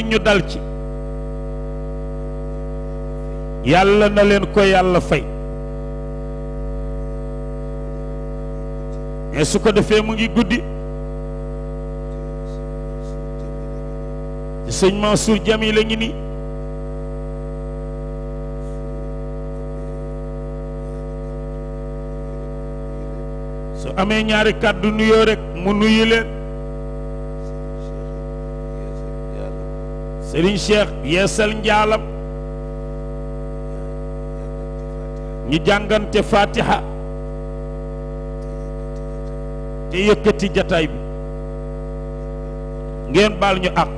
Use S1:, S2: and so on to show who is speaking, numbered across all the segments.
S1: ñu dal ci yàlla na leen ko yàlla fay mais su ko defee mu ngi guddi sëñ Mansour Jami la ngi ni su amee ñaari kàddu nuyoo rek mu nuyu leen Serigne Cheikh yeesal njaalam ñu jàngante fatiha te yëkkati jataay bi ngeen baal ñu àq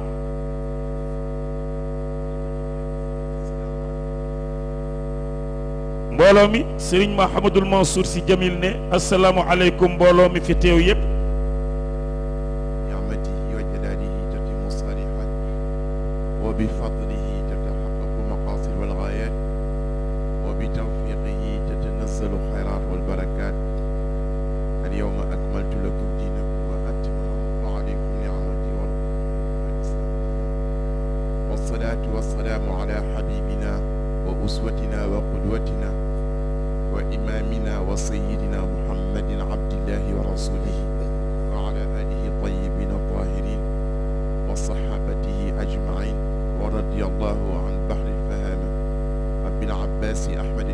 S1: mbooloo mi Serigne Mahamadul Mansour si Jamil ne asalaamu aleykum mbooloo mi fi teew yépp
S2: wa sayidina muhammadin abdillahi wa rasulihi wa ala alihi tayyibina tahirin wa sahabatihi ajmain wa radiallahu an bahri lfahama abil abbasi ahmad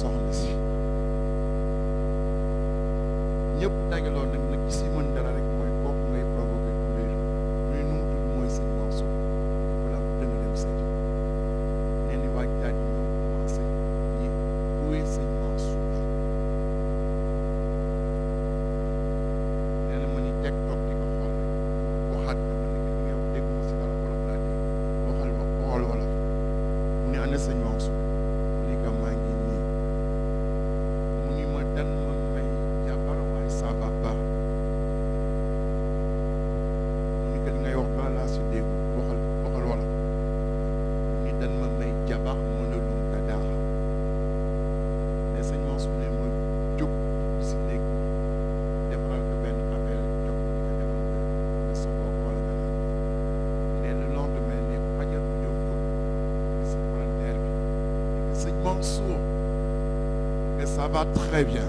S2: soxna si ñëpp baax mënalul nga dara mais sëñ Mansour ne ma jóg si néeg defaral ko benn nga demal ko nga soxla wala nga naan nee na lendemain ne fajar bi ñëw ko si frontière bi sëñ Mansour que ça va très bien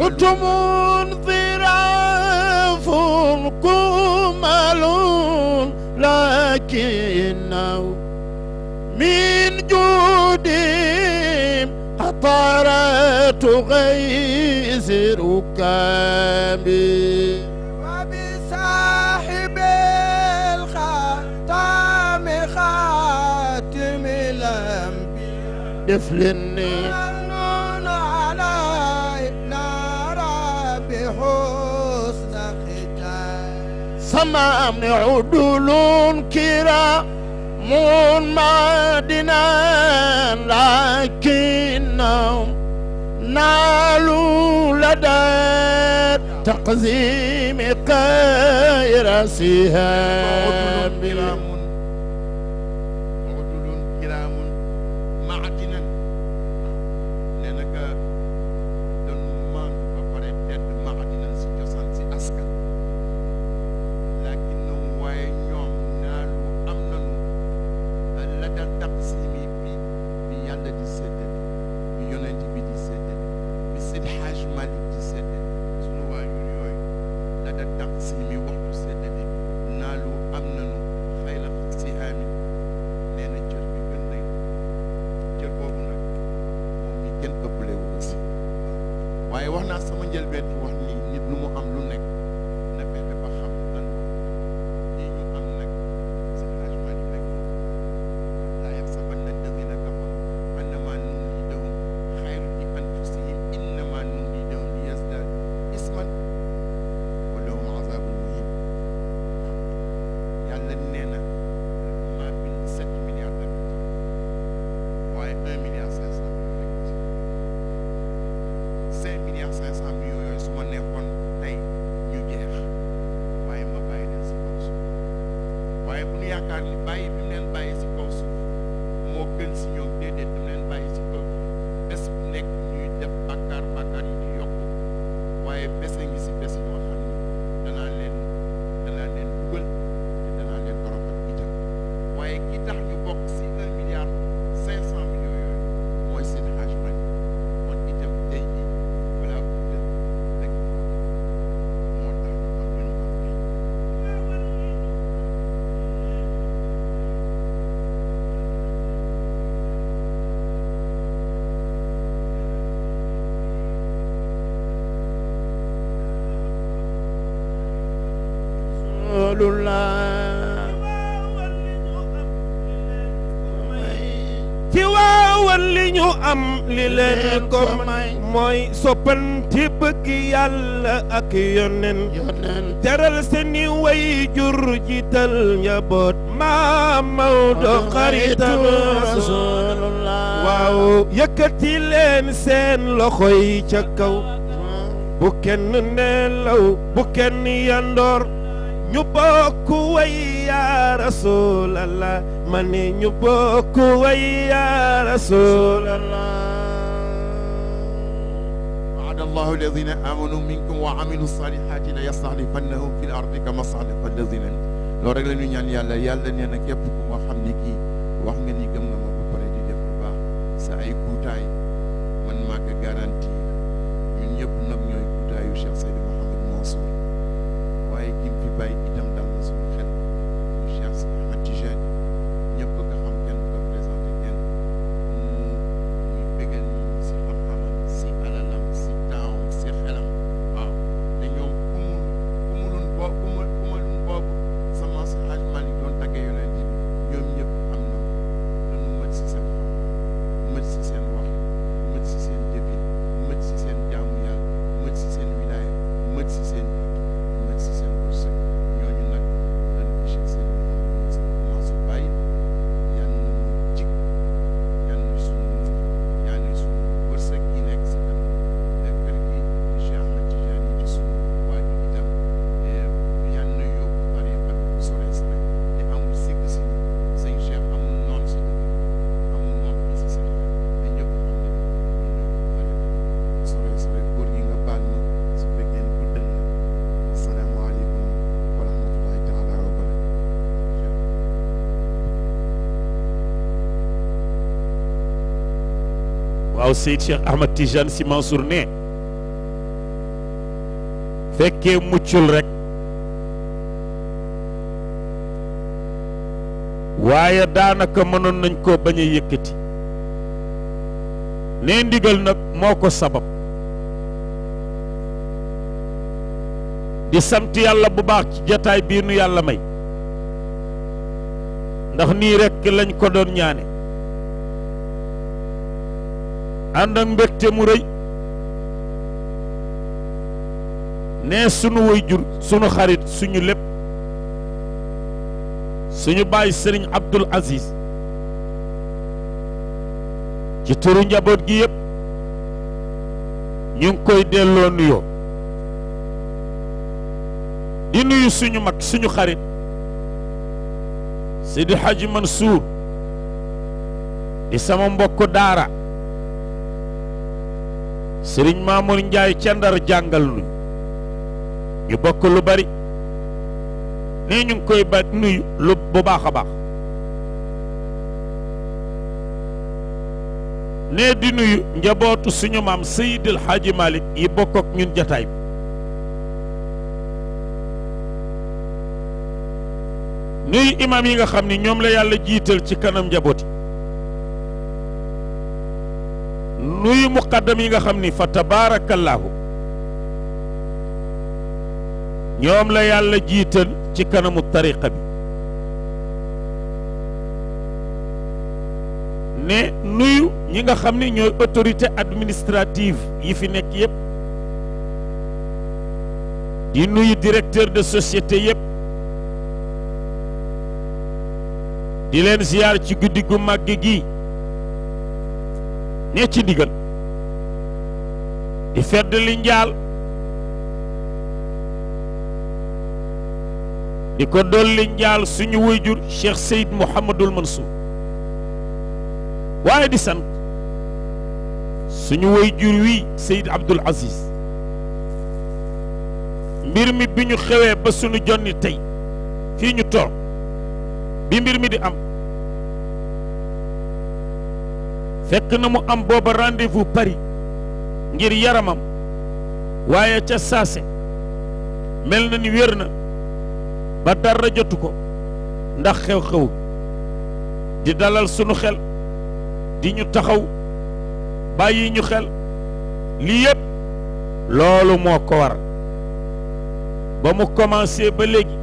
S3: قلتم ضراف كمل لكنه من جودهم قطرات غيث ركابي وبصاحب الختام خاتم الأنبياء دفل فما عدول كرام معدنا لكنهم نالوا لدى تقزيم خير سهام
S2: yaakaar ni bàyyi bi mu leen bàyyi si kaw suuf moo gën si ñoom déedéet
S1: rasulullah ci waawan li ñu am li leen ko may mooy soppanti bëgg yàlla ak yonen jaral seeni way jur jiital njaboot maa Maodo xaritam waaw yëkkati leen seen loxo yi ca kaw bu kenn nelaw bu kenn yandoor ñu bokk way ya rasulallah ma ne ñu bokk way
S3: ya rasulallah wa'ada allahu
S2: alladhina amanu minkum wa amilu salihati la yastahlifannahum fil ardi kama stahlifa alladhina loolu rek la ñu ñaan yàlla yàlla nee na képp ku nga xam ni kii wax ngeen
S1: waaw Seyd Cheikh Ahmad Tijane Sy Mansour ne fekkee muccul rek waaye daanaka mënoon nañ koo bañ a yëkkati ne ndigal nag moo ko sabab di sant yàlla bu baax ci jataay bii nu yàlla may ndax nii rekk lañ ko doon ñaane ànd ak mbégte mu rëy ne sunu waajur sunu xarit suñu lépp suñu baay sëriñ Abdul Aziz ci turu njaboot gi yëpp ñu ngi koy delloo nuyoo di nuyu suñu mag suñu xarit Seydi Hadji Mansour di sama mbokk daara sëriñ Mamour Ndiaye ca Ndar jàngal nu ñu bokk lu bari nee ñu ngi koy ba nuy lu bu baax a baax nee di nuyu njabootu suñu maam Seydil Hadji Malick yi bokk ak ñun jataay bi nuyu imaam yi nga xam ni ñoom la yàlla jiital ci kanam njaboot yi nuyu muqaddam yi nga xam ni fa tabaarakallaahu ñoom la yàlla jiital ci kanamu tariqa bi ne nuyu ñi nga xam ni ñooy autorité administrative yi fi nekk yépp di nuyu directeur de société yépp di leen ziyaar ci guddi gu màgg gi ne ci ndigal di fedd li njaal di ko dolli njaal suñu wayjur Cheikh Seyd Mouhamadul Mansour waaye di sant suñu wayjur wi Seyd Abdul Aziz mbir mi bi ñu xewee ba suñu jonni tey fii ñu toog bi mbir mi di am fekk na mu am booba rendez-vous Paris ngir yaramam waaye ca saase mel na ni wér na ba dara jotu ko ndax xew-xew di dalal sunu xel di ñu taxaw bàyyi ñu xel lii yépp loolu moo ko war ba mu commencé ba léegi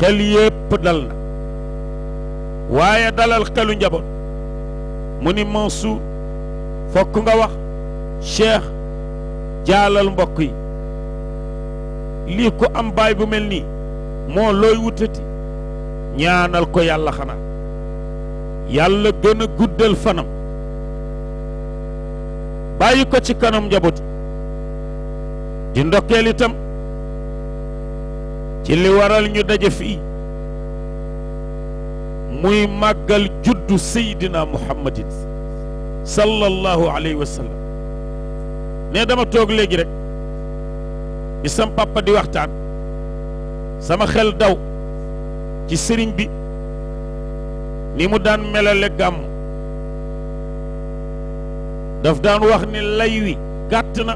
S1: xel yépp dal na waaye dalal xelu njaboot mu ni Mansour fokk nga wax Cheikh jaalal mbokk yi lii ko am baay bu mel nii moo looy wutati ñaanal ko yàlla xanaa yàlla gën a guddal fanam bàyyi ko ci kanam njaboot di ndokkeel ci li waral ñu daje fii muy màggal juddu seydina muhammadin sallallahu alayhi wa sallam ne dama toog léegi rek bi sam di waxtaan sama xel daw ci sëriñ bi ni mu daan melale gàmm daf daan wax ni lay wi gàtt na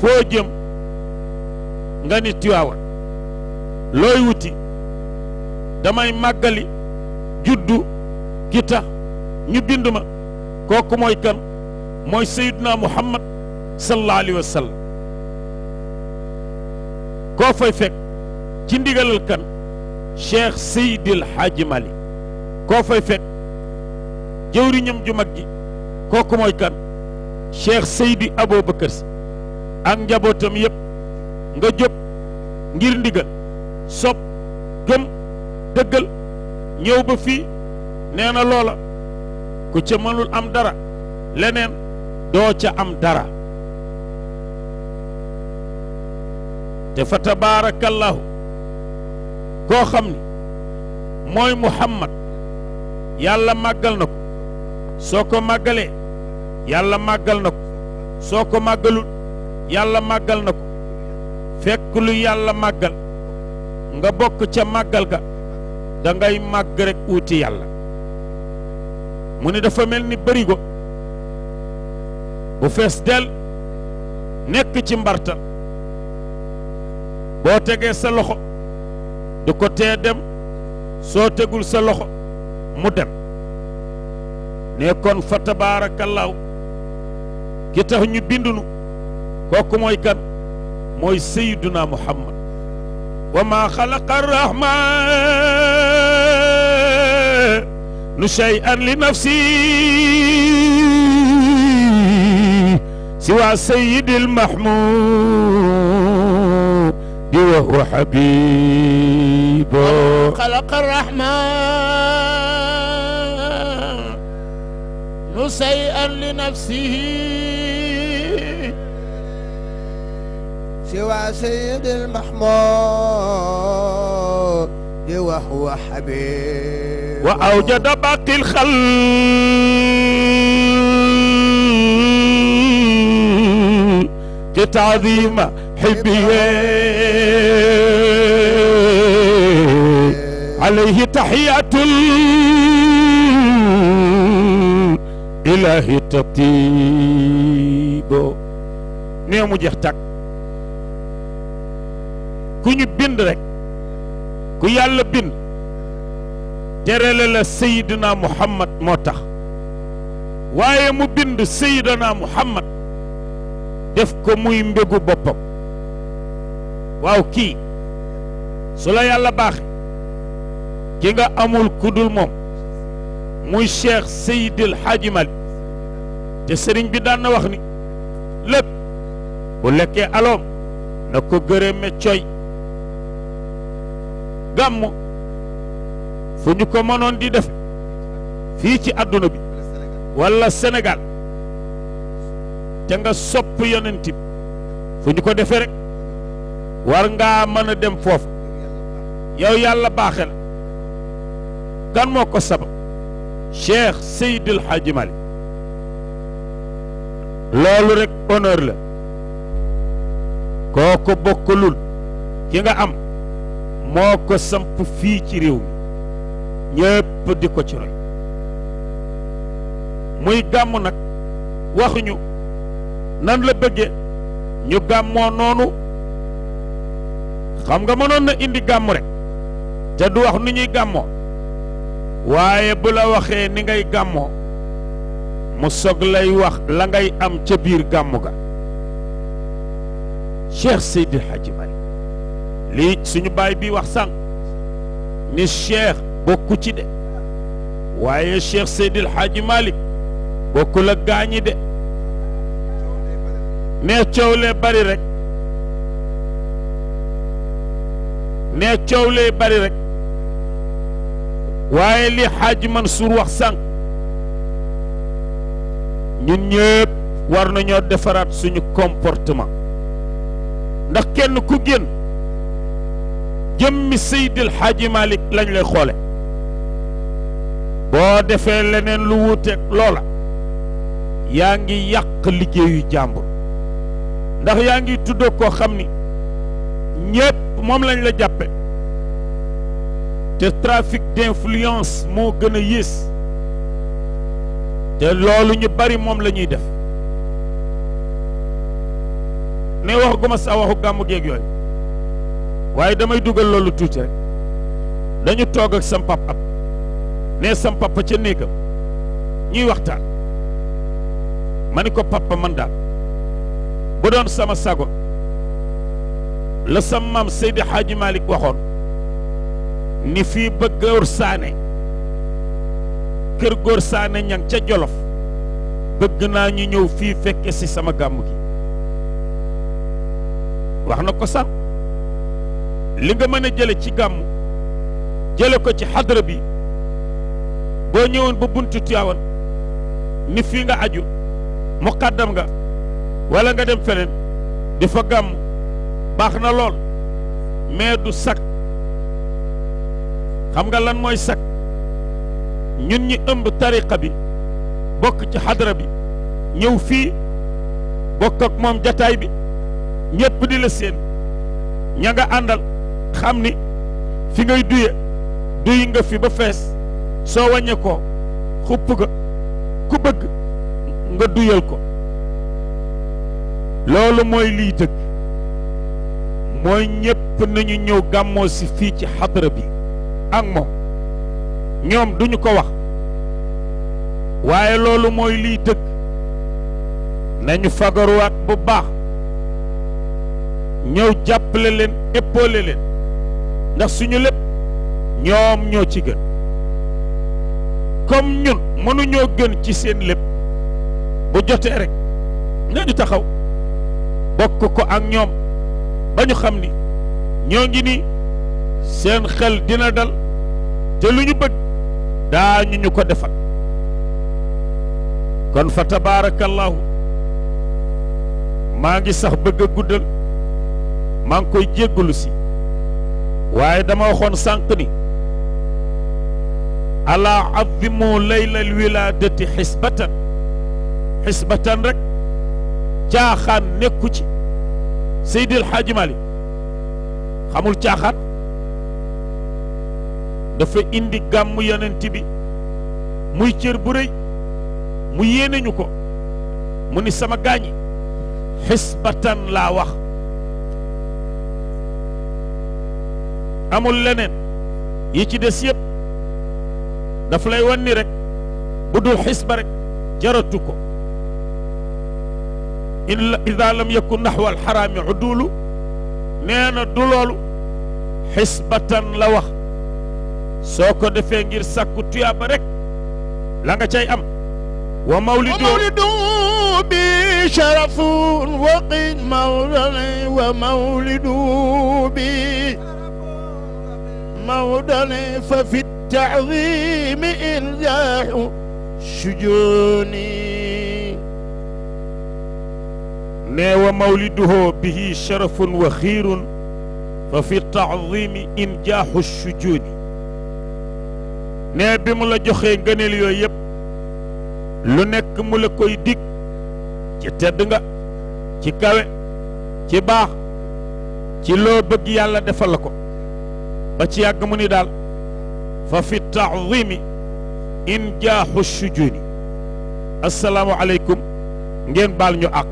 S1: foo jëm nga ni Tiwaawan looy wuti damay màggali juddu gi ñu bind ma kooku mooy kan mooy Seydina Muhammad sallallahu alayhi koo fay fekk ci ndigalal kan Cheikh Seydil Hadji Mali koo fay fekk jëwriñam ju mag ji kooku mooy kan Cheikh Seydi Aboubacar si ak njabootam yépp nga jóg ngir ndigal sopp dëggal ñëw ba fii nee loola ku ca mënul am dara leneen doo ca am dara te fa tabaarakallahu koo xam ni mooy muhammad yàlla màggal na ko soo ko màggalee yàlla màggal na ko soo ko màggalul yàlla màggal na ko fekk lu yàlla màggal nga bokk ca màggal ga da ngay màgg rek uuti yàlla mu ne dafa mel ni bërigo bu fees del nekk ci mbarta boo tegee sa loxo du ko te dem soo tegul sa loxo mu dem ne kon fa tabaarakallaahu ki tax ñu bindunu kooku mooy kan mooy sayyiduna muhammad wa ma xalaqa arrahmanu shay'an li nafsi siwa sayyidil mahmudi wa huwa habibu
S3: xalaqa arrahmanu shay'an li nafsihi سوى سيد المحمود وهو حبيب وأوجد باقي الخلق تعظيم حبه عليه تحية
S1: الإله تطيب نيوم جهتك ku ñu bind rek ku yàlla bind terele la Seydina Muhammad moo tax waaye mu bind Seydina Muhammad def ko muy mbégu boppam waaw kii su la yàlla baax ki nga amul kudul moom muy Cheikh Seydil Hadji te sëriñ bi daan wax ni lépp bu lekkee aloom na ko gërëme coy gàmm fu ñu ko mënoon di def fii ci àdduna bi wala Sénégal te sopp yonent fu ñu ko defee rek war ngaa mën a dem foofu yow yàlla baaxel la moo ko sabab Cheikh Seydil Hadji loolu rekk honneur la koo ko bokkalul ki nga am moo ko samp fii ci réew mi ñëpp di ko ci roy muy gàmm nag waxuñu nan la bëgge ñu gàmmoo noonu xam nga mënoon na indi gàmm rek te du wax ni ñuy gàmmoo waaye bu la waxee ni ngay gàmmoo mu sog lay wax la ngay am ca biir gàmmu ga Cheikh Seydi Hadji Malick lii suñu baay bi wax sànq ni cheikh bokku ci de waaye cheikh seydil xaaji malik bokkul ak gaañi de nee coow lee bari rek nee coow lee bari rek waaye li xaaji Mansour wax sànq ñun ñëpp war nañoo defaraat suñu comportement ndax kenn ku génn jëmmi Seydil Xaaji Malik lañ lay xoole boo defee leneen lu wuuteeg loola yaa ngi yàq liggéeyu jàmbur ndax yaa ngi tudd koo xam ni ñépp moom lañ la jàppe te trafic d'influence moo gën a yées te loolu ñu bari moom la ñuy def ne wax gu ma sa waxu gàmmu geeg yooyu waaye damay dugal loolu tuuti dañu toog ak sam pap ab ne sam papa ca néegam ñuy waxtaan ma ni ko papa man daal bu doon sama sago la sam maam Seydi Hadji Malick waxoon ni fii ba saane kër góor saane ñan ca jolof bëgg naa ñu ñëw fii fekke si sama gàmm gi wax na ko sànq li nga mën a jële ci gàmm jële ko ci xadra bi boo ñëwoon ba buntu Tiwaawan ni fii nga aju muqaddam nga walla nga dem feneen di fa gàmm baax na lool mais du sakk xam nga lan mooy sak ñun ñi ëmb tariqa bi bokk ci xadra bi ñëw fii bokk moom jataay bi ñëpp di la seen ña nga àndal xam ni fi ngay duye duy nga fi ba fees soo wàññee ko xupp ga ku bëgg nga duyal ko loolu mooy liy dëgg mooy ñépp nañu ñëw gàmmoo si fii ci xadara bi ak moom ñoom duñu ko wax waaye loolu mooy liy dëgg nañu fagaruwaat bu baax ñëw jàppale leen épaulé leen ndax suñu lépp ñoom ñoo ci gën comme ñun mënuñoo gën ci seen lépp bu jotee rek nañu taxaw bokk ko ak ñoom ba ñu xam ni ñoo ngi ni seen xel dina dal te lu ñu bëgg daañu ñu ko defal kon fa tabaarakallaahu maa ngi sax bëgg a guddal maa ngi koy jéggalu waaye dama waxoon sànq ni alaa azimu laylal wilaadati xisbatan xisbatan rek caaxaan nekku ci Seydil Hadji xamul caaxaan dafa indi gàmm yonent bi muy cër bu rëy mu yéene ko mu ni sama gaañi xisbatan laa wax amul leneen yi ci des yëpp daf lay wan ni rek bu dul xisba rek jaratu ko illa ida lam yakun naxwa alxaraami udulu nee na du xisbatan la wax soo ko defee ngir sàkku tuyaaba rek la nga am wa mawlidu
S3: bi sharafun wa qin mawlana wa mawlidu bi موضع ففي التعظيم إرجاح
S1: شجوني نوى مولده به شرف وخير ففي التعظيم nee bi mu la joxee ngëneel yooyu yëpp lu nekk mu la koy dig ci tedd nga ci kawe ci baax ci loo bëgg yàlla defal la ko ba ci yàgg mu ni daal fa fi taadimi in jaaxu sujuni asalaamu aleykum ngeen baal ñu àq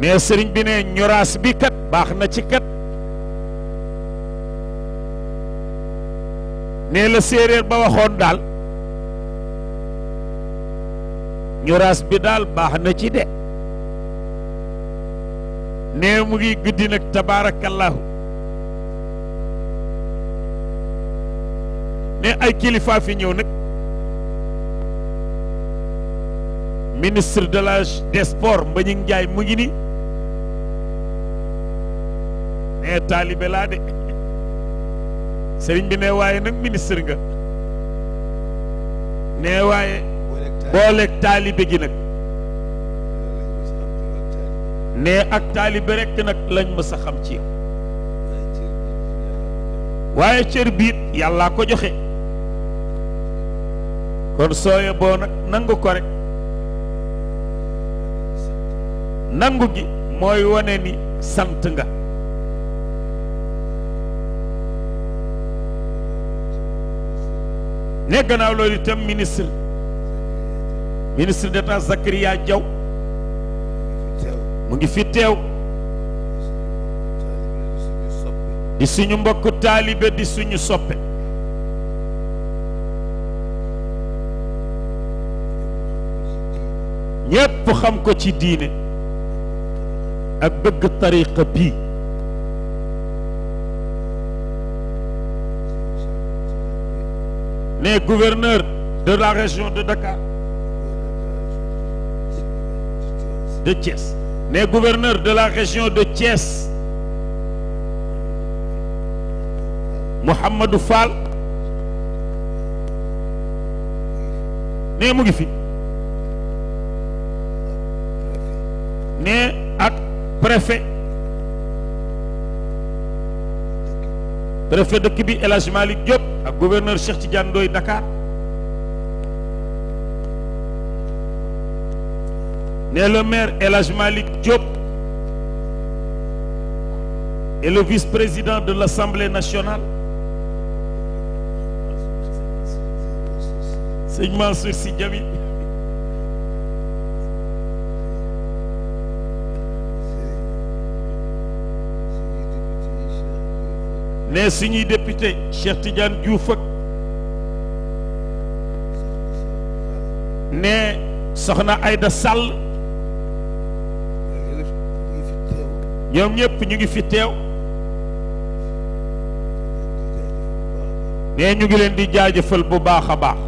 S1: mais sëriñ bi ne ñoraas bi kat baax na ci kat nee la séeréer ba waxoon daal ñu bi daal baax na ci de nee mu ngi guddi nag ne ay kilifa fi ñëw nag ministre de la des sports Mbagnick Ndiaye mu ni nee taalibe laa de sëriñ bi ne waaye nag ministre nga nee waaye booleeg taalibe gi nag ne ak taalibe rekk nag lañ mës a xam ci yow waaye cër biit yàllaa ko joxe kon sooye boo nag nangu ko rek nangu gi mooy wone ni sant nga ne gannaaw loolu itam ministre ministre d'État Zakaria jaw mu ngi fi teew di suñu mbokk taalibe di suñu soppe ñépp xam ko ci diine ak bëgg tariqa bii ne gouverneur de la région de Dakar de Thiès ne gouverneur de la région de Thiès Mouhamadou Fall ne mu ngi fi ne ak préfet préfet dëkk bi El Hadj Malick ak gouverneur Cheikh Tidiane Ndoye Dakar né le maire El Hadj Malick Diop et le vice-président de l'Assemblée nationale Sëñ Mansour Sy Djamil ne suñuy député Cheikh Tidiane Diouf ak soxna Aïda Sall ñoom ñëpp ñu ngi fi teew ne ñu ngi leen di jaajëfal bu baax a baax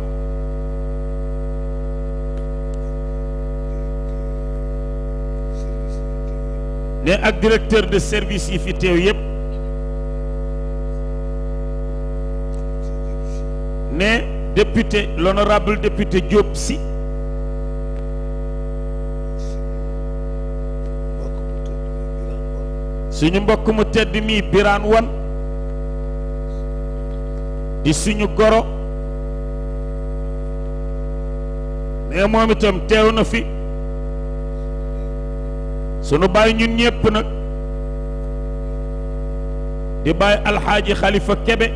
S1: ne ak directeur de service yi fi teew yëpp ne député l'honorable député Diop Sy suñu mbokk mu tedd mii biraan wan di suñu goro mais moom itam teew na fi sunu bàyyi ñun ñépp nag di bàyyi alxaaji xalifa kebe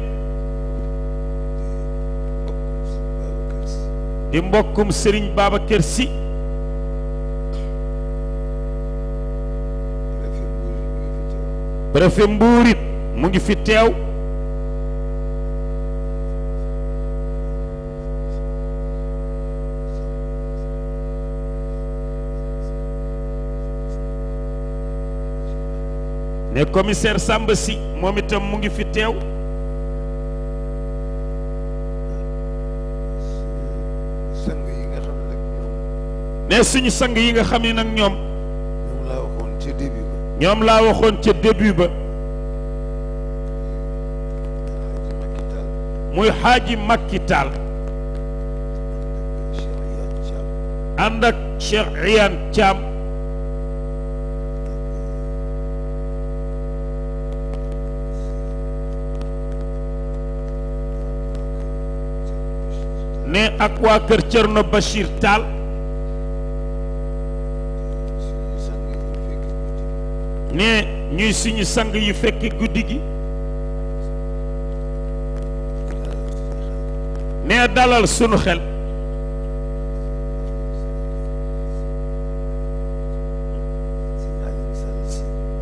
S1: di mbokkum sëriñ Babacar Sy préfet Mbour mu ngi fi teew le commissaire Samba Sy moom itam mu ngi fi teew ne suñu sang yi nga xam nag ñoom ñoom laa waxoon ca début ba muy xaaji Makki Taal ànd ak Cheikh Iyane Thiam ne ak waa kër Thierno Bachir Taal ne ñuy suñu sang yu fekk guddi gi ne dalal sunu xel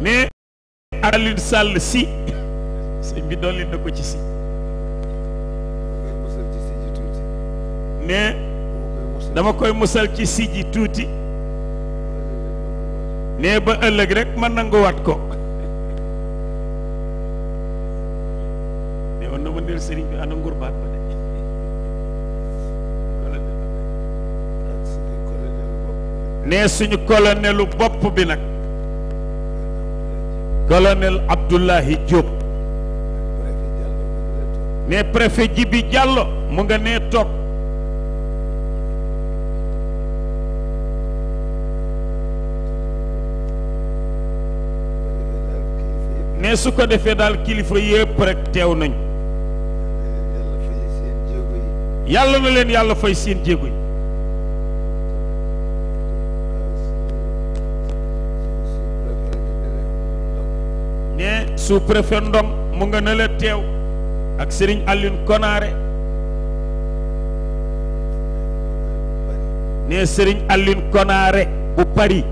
S1: ne Alioune Sall si sëñ bi dolli na ko ci si ne dama koy musal ci si ji tuuti nee ba ëllëg rek ma nanguwaat ko nee woon na ma neel sëriñ bi nee suñu colonelu bopp bi nag colonel Abdoulahi Diop nee préfet Jibi Diallo mu nga nee toog ne su ko defee daal kilifa yépp rek teew nañ yàlla na leen yàlla fay seen jéego yi ne sous préfet Ndong mu nga ne teew ak sëriñ Alioune Konaare ne Serigne Alioune Konaare bu Paris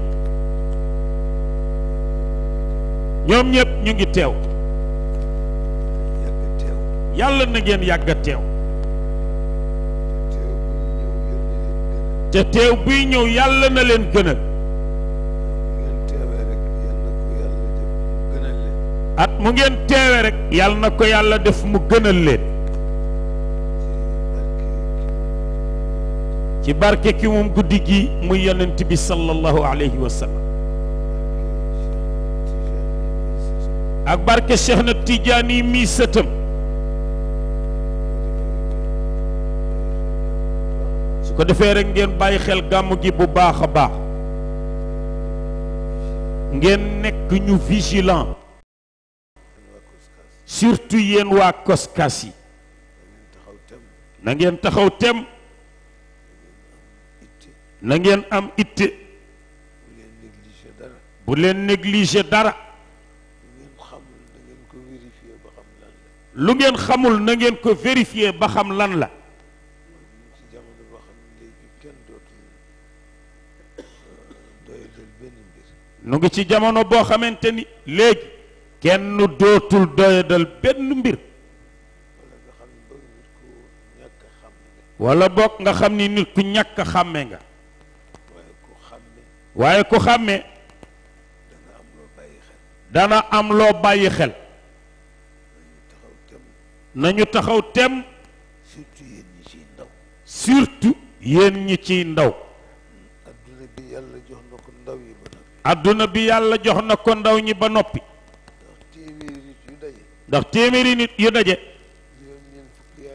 S1: ñoom ñëpp ñu ngi teew yàlla na ngeen yàgg a teew te teew buy ñëw yàlla na leen gënal at mu ngeen teewe rek yàlla na ko yàlla def mu gënal leen ci barke ki moom guddi gi muy yonent bi sallallahu alayhi wa sallam ak barke Cheikh na Tidiane mii sëtam su ko defee rek ngeen bàyyi xel gàmm gi bu baax a baax ngeen nekk ñu vigilant surtout yéen waa koskas yi na ngeen taxaw tem na ngeen am itte bu leen négliger dara lu ngeen xamul na ngeen ko vérifier ba xam lan la nu ngi ci jamono boo xamante ni léegi kenn dootul doyadal benn mbir wala bokk nga xam ni nit ku ñàkk a xàmme nga waaye ku xàmmee dana am loo bàyyi xel nañu taxaw tem
S4: surtout yéen ñi ciy ndaw
S1: surtout yéen ñi ciy ndaw
S4: adduna bi yàlla jox na ko ndaw
S1: yi bi yàlla jox na ko ndaw ñi ba noppi ndax téeméeri nit yu daje ndax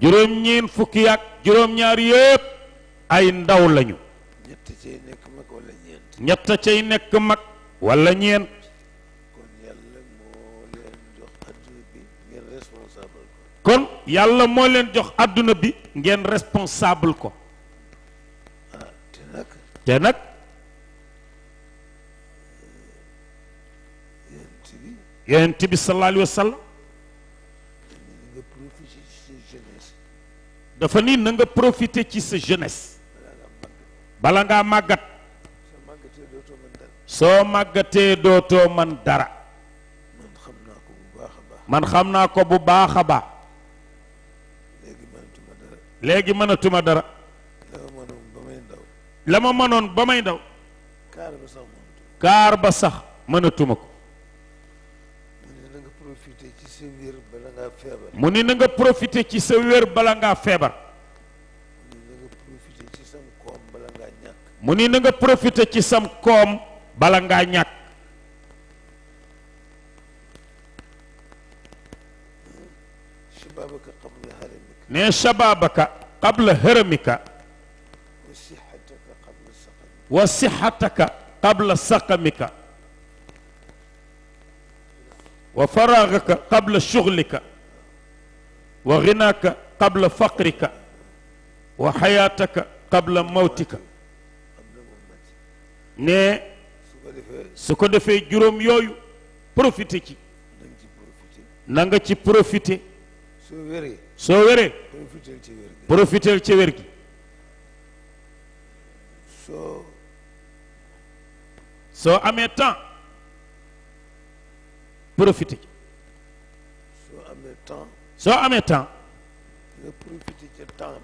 S1: juróom-ñeen fukki ak juróom-ñaar yépp ay ndaw lañu ñett cay nekk mag wala ñeent kon yàlla moo leen jox àdduna bi ngeen responsable ko te nag eh, yonent bi sallallahu dafa ni na nga profiter ci sa jeunesse bala ngaa màggat soo màggatee dootoo man dara man xam naa ko bu baax a baax léegi mënatuma dara la ma mënoon ba may daw kaar ba sax mënatuma ko mu ni na nga profité ci sa wér bala ngaa feebar mu ni na nga profité ci sam koom bala ngaa ñàkk ne shababaka qabla haramika wa sixataka qabla saqamika wa faraagaka qabla shuglika wa ginaaka qabla faqrika wa xayaataka qabla mawtika ne su ko defee juróom yooyu profité ci na nga ci profité
S4: soo wéree profitel ci wér gi soo soo amee temps profité ci soo amee temps
S1: soo amee temps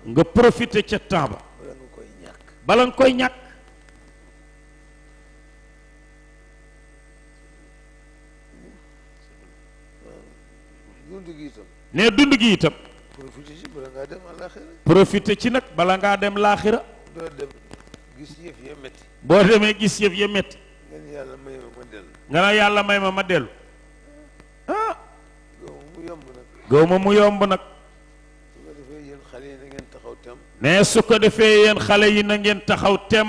S1: nga profité ca temps ba bala nga koy ñàkk bala nga koy dund gi itam
S4: profité ci bala ngaa dem profité
S1: ci nag bala ngaa dem laaxira.
S4: doo dem gis
S1: boo demee gis yëf ya métti.
S4: nga ne yàlla may ma ma dellu.
S1: nga ne yàlla may ma ma dellu.
S4: ah. gaw ma mu yomb nag.
S1: gaw ma mu yomb su ko defee yéen xale yi na ngeen taxaw tem. mais su ko defee yéen xale yi na taxaw tem.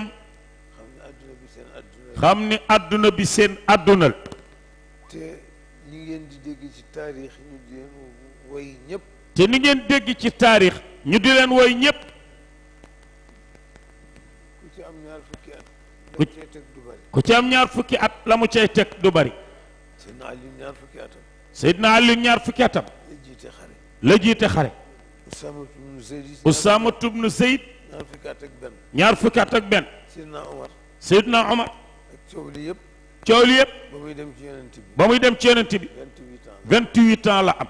S1: xam ni àdduna bi seen àdduna la.
S4: te ñi ngeen di dégg ci taarix ñu di way ñëpp.
S1: te ni ngeen dégg ci taarix ñu di leen woy ñëpp ku ci am ñaar fukki at la mu cay teg du bari Seydina Ali ñaar fukki atam la jiite xare Usaama tubnu Zeyd
S4: ñaar fukki at ak
S1: benn Seydina Omar coow li yëpp ba muy dem ci yonent bi vingt-huit ans la am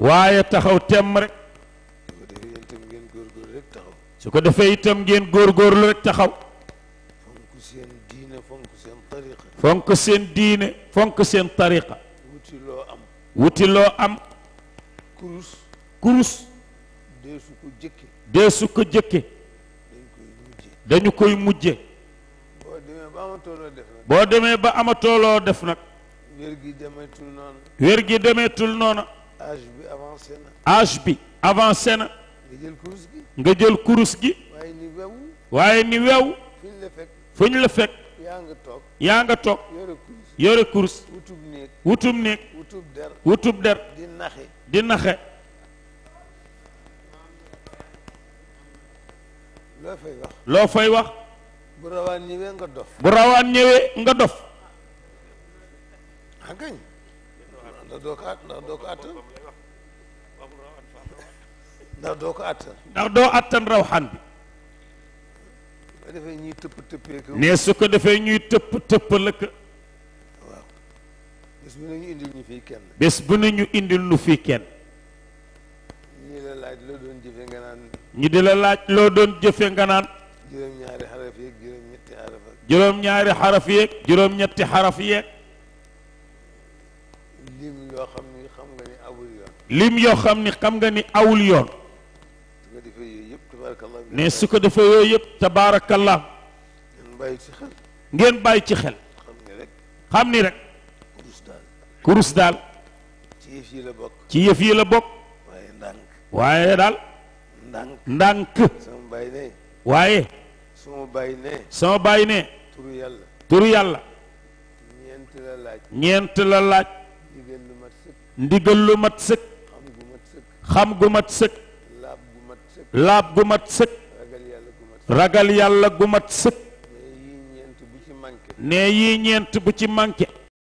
S1: waaye taxaw temm rek su ko defee itam ngeen góorgóorlu rek taxaw
S4: fonk seen diine fonk seen tariqa
S1: fonk seen diine fonk seen tariqa
S4: wuti loo am
S1: wuti loo am kurus kurus deesu ko ko jëkke dañu koy mujje boo demee ba amatooloo def nag
S4: wér gi demetul noonu.
S1: wér gi demetul noonu.
S4: âge bi avancé
S1: na. âge bi avancé na.
S4: nga jël kurus gi. nga
S1: waaye ni wew. waaye fu ñu la fekk.
S4: yaa nga toog. yaa nga toog. yore kurus.
S1: yore kurus. wutub néeg.
S4: wutub der. wutub der. di naxe.
S1: di naxe. loo fay wax. bu rawaan ñëwee nga dof.
S4: ah ndax doo ko att ndax doo ko attan ndax
S1: ndax doo attan rawxaan bi
S4: dafay ñuy tëpp tëppee ko ne
S1: su ko defee ñuy tëpp tëpp lëkk
S4: waaw bés bu ne ñu indil ñu fii kenn
S1: bés bu ne ñu indil ñu fii kenn
S4: laaj doon jëfe nga naan
S1: ñi laaj loo doon jëfe nga naan juróom-ñaari xaraf yeeg juróom-ñetti xaraf yeeg
S4: yoo xam ni xam nga ni awul yoon.
S1: lim yoo xam ni xam nga ni awul yoon. ne su ko defee yooyu yëpp tabaarakallah.
S4: ngeen bàyyi ci xel.
S1: ngeen bàyyi ci xel. xam ni rek. xam ni rek. kurus daal.
S4: ci yëf yi la bokk.
S1: ci yëf yi bokk. waaye ndànk. waaye daal. ndànk
S4: ne. waaye. sama bàyyi ne.
S1: sama ne. turu yàlla. yàlla.
S4: ñeent la laaj.
S1: ñeent la laaj. ndigal lu mat sëkk xam gu mat sëkk laab gu mat sëkk ragal yàlla gu mat sëkk ne yii ñeent bu ci manqué